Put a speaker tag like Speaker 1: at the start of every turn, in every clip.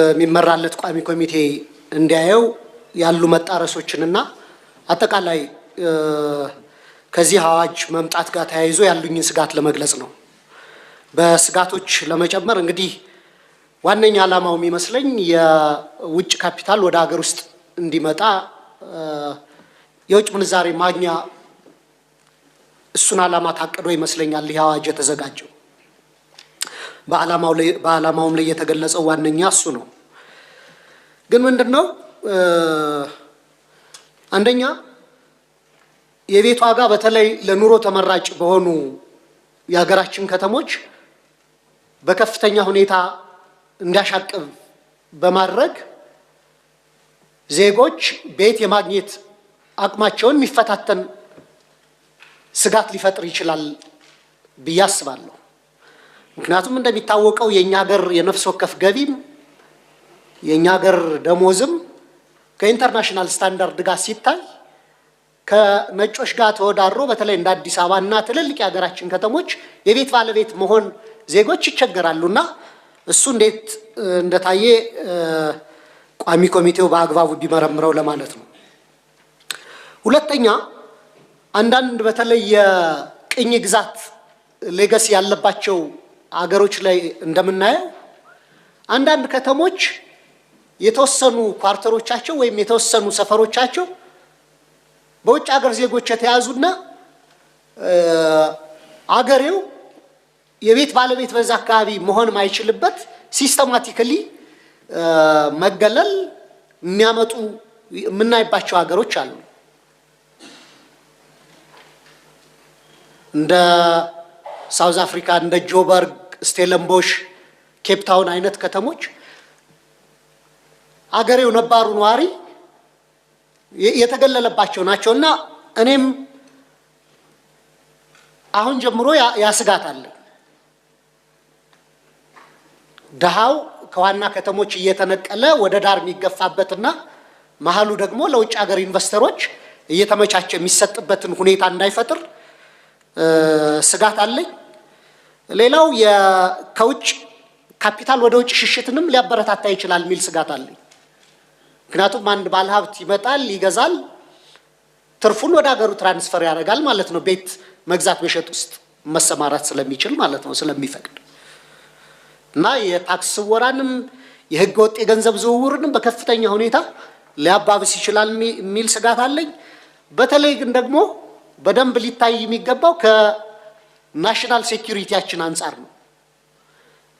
Speaker 1: የሚመራለት ቋሚ ኮሚቴ እንዲያየው ያሉ መጣረሶችንና አጠቃላይ ከዚህ አዋጅ መምጣት ጋር ተያይዞ ያሉኝን ስጋት ለመግለጽ ነው። በስጋቶች ለመጨመር እንግዲህ ዋነኛ ዓላማው የሚመስለኝ የውጭ ካፒታል ወደ ሀገር ውስጥ እንዲመጣ የውጭ ምንዛሬ ማግኛ እሱን ዓላማ ታቅዶ ይመስለኛል ይህ አዋጅ የተዘጋጀው። በዓላማውም ላይ የተገለጸው ዋነኛ እሱ ነው። ግን ምንድን ነው አንደኛ የቤት ዋጋ በተለይ ለኑሮ ተመራጭ በሆኑ የሀገራችን ከተሞች በከፍተኛ ሁኔታ እንዲያሻቅብ በማድረግ ዜጎች ቤት የማግኘት አቅማቸውን የሚፈታተን ስጋት ሊፈጥር ይችላል ብዬ አስባለሁ። ምክንያቱም እንደሚታወቀው የእኛ ሀገር የነፍስ ወከፍ ገቢም የእኛ ሀገር ደሞዝም ከኢንተርናሽናል ስታንዳርድ ጋር ሲታይ ከነጮች ጋር ተወዳድሮ በተለይ እንደ አዲስ አበባ እና ትልልቅ የሀገራችን ከተሞች የቤት ባለቤት መሆን ዜጎች ይቸገራሉ እና እሱ እንዴት እንደታየ ቋሚ ኮሚቴው በአግባቡ ቢመረምረው ለማለት ነው። ሁለተኛ አንዳንድ በተለይ የቅኝ ግዛት ሌገሲ ያለባቸው አገሮች ላይ እንደምናየው አንዳንድ ከተሞች የተወሰኑ ኳርተሮቻቸው ወይም የተወሰኑ ሰፈሮቻቸው በውጭ ሀገር ዜጎች የተያዙና አገሬው የቤት ባለቤት በዛ አካባቢ መሆን ማይችልበት ሲስተማቲካሊ መገለል የሚያመጡ የምናይባቸው ሀገሮች አሉ። እንደ ሳውዝ አፍሪካ፣ እንደ ጆበርግ ስቴለንቦሽ፣ ኬፕታውን አይነት ከተሞች አገሬው ነባሩ ነዋሪ የተገለለባቸው ናቸው እና እኔም አሁን ጀምሮ ያስጋት አለ። ድሃው ከዋና ከተሞች እየተነቀለ ወደ ዳር የሚገፋበትና መሀሉ ደግሞ ለውጭ ሀገር ኢንቨስተሮች እየተመቻቸ የሚሰጥበትን ሁኔታ እንዳይፈጥር ስጋት አለኝ። ሌላው ከውጭ ካፒታል ወደ ውጭ ሽሽትንም ሊያበረታታ ይችላል የሚል ስጋት አለኝ። ምክንያቱም አንድ ባለሀብት ይመጣል፣ ይገዛል፣ ትርፉን ወደ ሀገሩ ትራንስፈር ያደርጋል ማለት ነው። ቤት መግዛት መሸጥ ውስጥ መሰማራት ስለሚችል ማለት ነው ስለሚፈቅድ እና የታክስ ወራንም የህገ ወጥ የገንዘብ ዝውውርንም በከፍተኛ ሁኔታ ሊያባብስ ይችላል የሚል ስጋት አለኝ። በተለይ ግን ደግሞ በደንብ ሊታይ የሚገባው ናሽናል ሴኪሪቲያችን አንጻር ነው።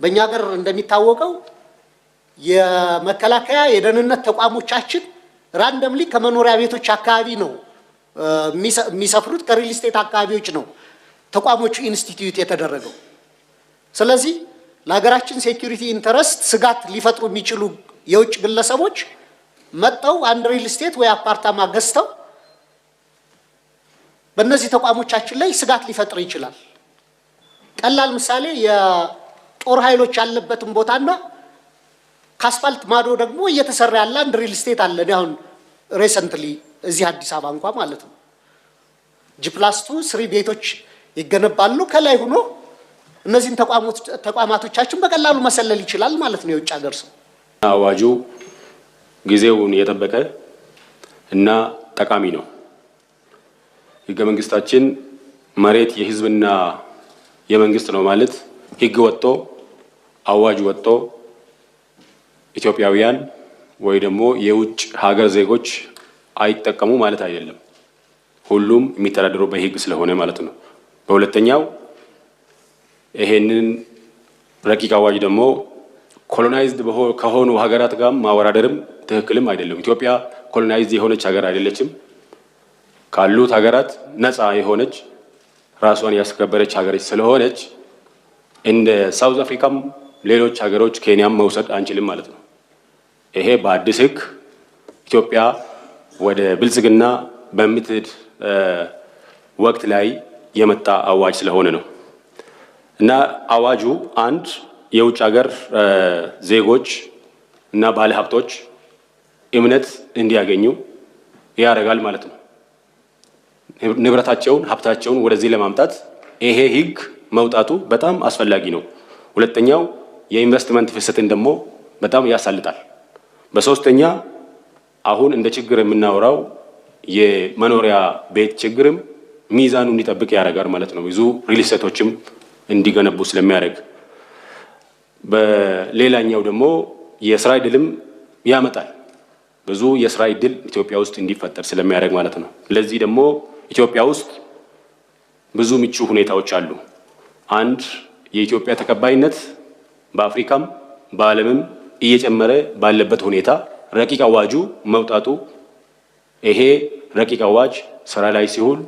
Speaker 1: በእኛ ሀገር እንደሚታወቀው የመከላከያ የደህንነት ተቋሞቻችን ራንደምሊ ከመኖሪያ ቤቶች አካባቢ ነው የሚሰፍሩት፣ ከሪል ስቴት አካባቢዎች ነው ተቋሞቹ ኢንስቲትዩት የተደረገው። ስለዚህ ለሀገራችን ሴኪሪቲ ኢንተረስት ስጋት ሊፈጥሩ የሚችሉ የውጭ ግለሰቦች መጥተው አንድ ሪል ስቴት ወይ አፓርታማ ገዝተው በእነዚህ ተቋሞቻችን ላይ ስጋት ሊፈጥር ይችላል። ቀላል ምሳሌ የጦር ኃይሎች ያለበትን ቦታና ከአስፋልት ማዶ ደግሞ እየተሰራ ያለ አንድ ሪል ስቴት አለ። አሁን ሬሰንትሊ እዚህ አዲስ አበባ እንኳ ማለት ነው ጂፕላስቱ ስሪ ቤቶች ይገነባሉ። ከላይ ሆኖ እነዚህን ተቋማቶቻችን በቀላሉ መሰለል ይችላል ማለት ነው የውጭ ሀገር ሰው።
Speaker 2: አዋጁ ጊዜውን የጠበቀ እና ጠቃሚ ነው። ህገ መንግስታችን መሬት የህዝብና የመንግስት ነው ማለት ህግ ወጥቶ አዋጅ ወጥቶ ኢትዮጵያውያን ወይ ደግሞ የውጭ ሀገር ዜጎች አይጠቀሙ ማለት አይደለም። ሁሉም የሚተዳደሩ በህግ ስለሆነ ማለት ነው። በሁለተኛው ይሄንን ረቂቅ አዋጅ ደግሞ ኮሎናይዝድ ከሆኑ ሀገራት ጋር ማወዳደርም ትክክልም አይደለም። ኢትዮጵያ ኮሎናይዝድ የሆነች ሀገር አይደለችም። ካሉት ሀገራት ነፃ የሆነች ራሷን ያስከበረች ሀገር ስለሆነች እንደ ሳውዝ አፍሪካም ሌሎች ሀገሮች ኬንያም መውሰድ አንችልም ማለት ነው። ይሄ በአዲስ ሕግ ኢትዮጵያ ወደ ብልጽግና በምትሄድ ወቅት ላይ የመጣ አዋጅ ስለሆነ ነው እና አዋጁ አንድ የውጭ ሀገር ዜጎች እና ባለሀብቶች እምነት እንዲያገኙ ያደርጋል ማለት ነው። ንብረታቸውን፣ ሀብታቸውን ወደዚህ ለማምጣት ይሄ ህግ መውጣቱ በጣም አስፈላጊ ነው። ሁለተኛው የኢንቨስትመንት ፍሰትን ደግሞ በጣም ያሳልጣል። በሶስተኛ አሁን እንደ ችግር የምናወራው የመኖሪያ ቤት ችግርም ሚዛኑ እንዲጠብቅ ያደርጋል ማለት ነው። ብዙ ሪል እንዲገነቡ ስለሚያደርግ፣ በሌላኛው ደግሞ የስራ እድልም ያመጣል። ብዙ የስራ እድል ኢትዮጵያ ውስጥ እንዲፈጠር ስለሚያደርግ ማለት ነው። ለዚህ ደግሞ ኢትዮጵያ ውስጥ ብዙ ምቹ ሁኔታዎች አሉ። አንድ የኢትዮጵያ ተቀባይነት በአፍሪካም በዓለምም እየጨመረ ባለበት ሁኔታ ረቂቅ አዋጁ መውጣቱ ይሄ ረቂቅ አዋጅ ስራ ላይ ሲሆን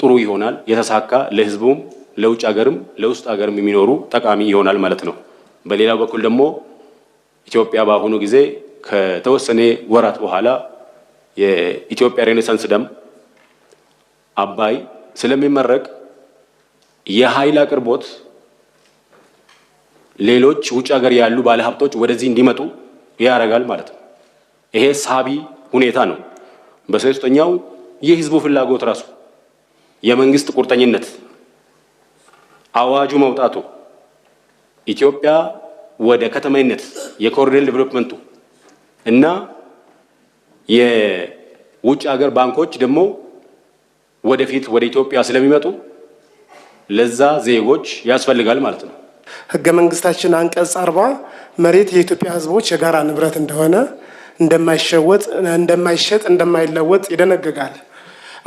Speaker 2: ጥሩ ይሆናል፣ የተሳካ ለህዝቡም፣ ለውጭ ሀገርም፣ ለውስጥ ሀገርም የሚኖሩ ጠቃሚ ይሆናል ማለት ነው። በሌላው በኩል ደግሞ ኢትዮጵያ በአሁኑ ጊዜ ከተወሰነ ወራት በኋላ የኢትዮጵያ ሬኔሳንስ ደም አባይ ስለሚመረቅ የኃይል አቅርቦት ሌሎች ውጭ ሀገር ያሉ ባለሀብቶች ወደዚህ እንዲመጡ ያደርጋል ማለት ነው። ይሄ ሳቢ ሁኔታ ነው። በሶስተኛው የህዝቡ ፍላጎት ራሱ የመንግስት ቁርጠኝነት አዋጁ መውጣቱ ኢትዮጵያ ወደ ከተማይነት የኮሪደር ዴቨሎፕመንቱ እና የውጭ ሀገር ባንኮች ደግሞ ወደፊት ወደ ኢትዮጵያ ስለሚመጡ ለዛ ዜጎች ያስፈልጋል ማለት ነው።
Speaker 3: ህገ መንግስታችን አንቀጽ አርባ መሬት የኢትዮጵያ ህዝቦች የጋራ ንብረት እንደሆነ እንደማይሸወጥ እንደማይሸጥ እንደማይለወጥ ይደነግጋል።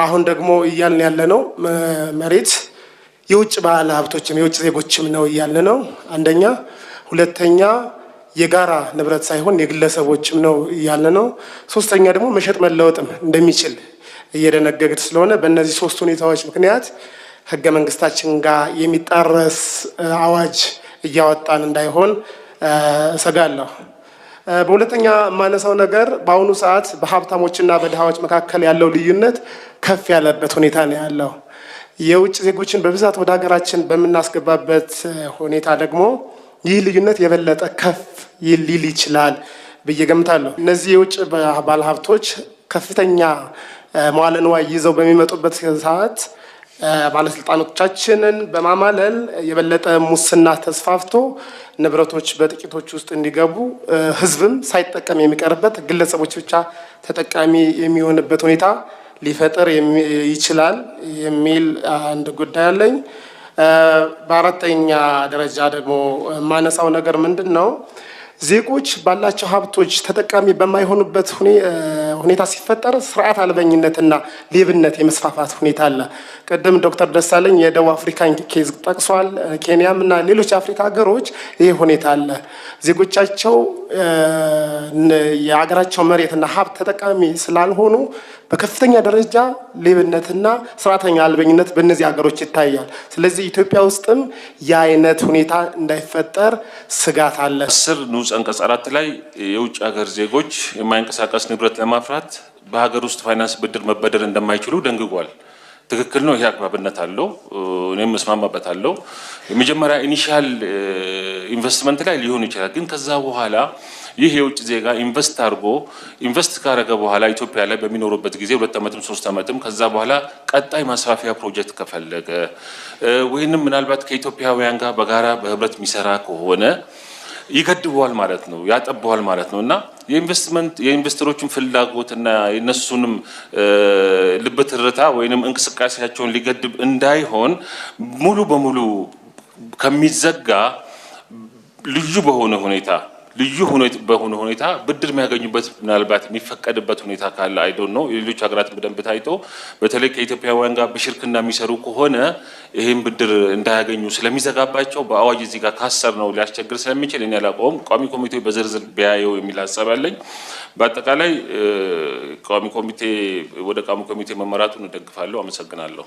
Speaker 3: አሁን ደግሞ እያልን ያለ ነው መሬት የውጭ ባለ ሀብቶችም የውጭ ዜጎችም ነው እያልን ነው አንደኛ ሁለተኛ የጋራ ንብረት ሳይሆን የግለሰቦችም ነው ያለ ነው። ሶስተኛ ደግሞ መሸጥ መለወጥም እንደሚችል እየደነገገ ስለሆነ በእነዚህ ሶስት ሁኔታዎች ምክንያት ህገ መንግስታችን ጋር የሚጣረስ አዋጅ እያወጣን እንዳይሆን እሰጋለሁ። በሁለተኛ የማነሳው ነገር በአሁኑ ሰዓት በሀብታሞችና በድሃዎች መካከል ያለው ልዩነት ከፍ ያለበት ሁኔታ ነው ያለው። የውጭ ዜጎችን በብዛት ወደ ሀገራችን በምናስገባበት ሁኔታ ደግሞ ይህ ልዩነት የበለጠ ከፍ ሊል ይችላል ብዬ ገምታለሁ። እነዚህ የውጭ ባለሀብቶች ከፍተኛ መዋለ ንዋይ ይዘው በሚመጡበት ሰዓት ባለስልጣኖቻችንን በማማለል የበለጠ ሙስና ተስፋፍቶ ንብረቶች በጥቂቶች ውስጥ እንዲገቡ ህዝብም ሳይጠቀም የሚቀርበት ግለሰቦች ብቻ ተጠቃሚ የሚሆንበት ሁኔታ ሊፈጥር ይችላል የሚል አንድ ጉዳይ አለኝ። በአራተኛ ደረጃ ደግሞ የማነሳው ነገር ምንድን ነው? ዜጎች ባላቸው ሀብቶች ተጠቃሚ በማይሆኑበት ሁኔታ ሲፈጠር ስርዓት አልበኝነትና ሌብነት የመስፋፋት ሁኔታ አለ። ቅድም ዶክተር ደሳለኝ የደቡብ አፍሪካን ኬዝ ጠቅሷል። ኬንያም እና ሌሎች የአፍሪካ ሀገሮች ይህ ሁኔታ አለ። ዜጎቻቸው የሀገራቸው መሬትና ሀብት ተጠቃሚ ስላልሆኑ በከፍተኛ ደረጃ ሌብነትና ስርዓተኛ አልበኝነት በእነዚህ ሀገሮች ይታያል። ስለዚህ ኢትዮጵያ ውስጥም የአይነት ሁኔታ እንዳይፈጠር ስጋት አለ።
Speaker 4: ንዑስ አንቀጽ አራት ላይ የውጭ ሀገር ዜጎች የማይንቀሳቀስ ንብረት ለማፍራት በሀገር ውስጥ ፋይናንስ ብድር መበደር እንደማይችሉ ደንግጓል። ትክክል ነው። ይሄ አግባብነት አለው። እኔም መስማማበት አለው። የመጀመሪያ ኢኒሻል ኢንቨስትመንት ላይ ሊሆን ይችላል። ግን ከዛ በኋላ ይህ የውጭ ዜጋ ኢንቨስት አድርጎ ኢንቨስት ካረገ በኋላ ኢትዮጵያ ላይ በሚኖሩበት ጊዜ ሁለት ዓመትም ሶስት ዓመትም ከዛ በኋላ ቀጣይ ማስፋፊያ ፕሮጀክት ከፈለገ ወይንም ምናልባት ከኢትዮጵያውያን ጋር በጋራ በህብረት የሚሰራ ከሆነ ይገድበዋል ማለት ነው፣ ያጠበዋል ማለት ነው እና የኢንቨስትመንት የኢንቨስተሮችን ፍላጎትና የነሱንም ልብ ትርታ ወይንም እንቅስቃሴያቸውን ሊገድብ እንዳይሆን ሙሉ በሙሉ ከሚዘጋ ልዩ በሆነ ሁኔታ ልዩ በሆነ ሁኔታ ብድር የሚያገኙበት ምናልባት የሚፈቀድበት ሁኔታ ካለ አይዶን ነው። የሌሎች ሀገራት በደንብ ታይቶ በተለይ ከኢትዮጵያውያን ጋር በሽርክና የሚሰሩ ከሆነ ይህም ብድር እንዳያገኙ ስለሚዘጋባቸው በአዋጅ እዚህ ጋር ካሰር ነው ሊያስቸግር ስለሚችል እኔ አላውቀውም። ቋሚ ኮሚቴው በዝርዝር ቢያየው የሚል ሀሳብ አለኝ። በአጠቃላይ ቋሚ ኮሚቴ ወደ ቋሚ ኮሚቴ መመራቱን እደግፋለሁ። አመሰግናለሁ።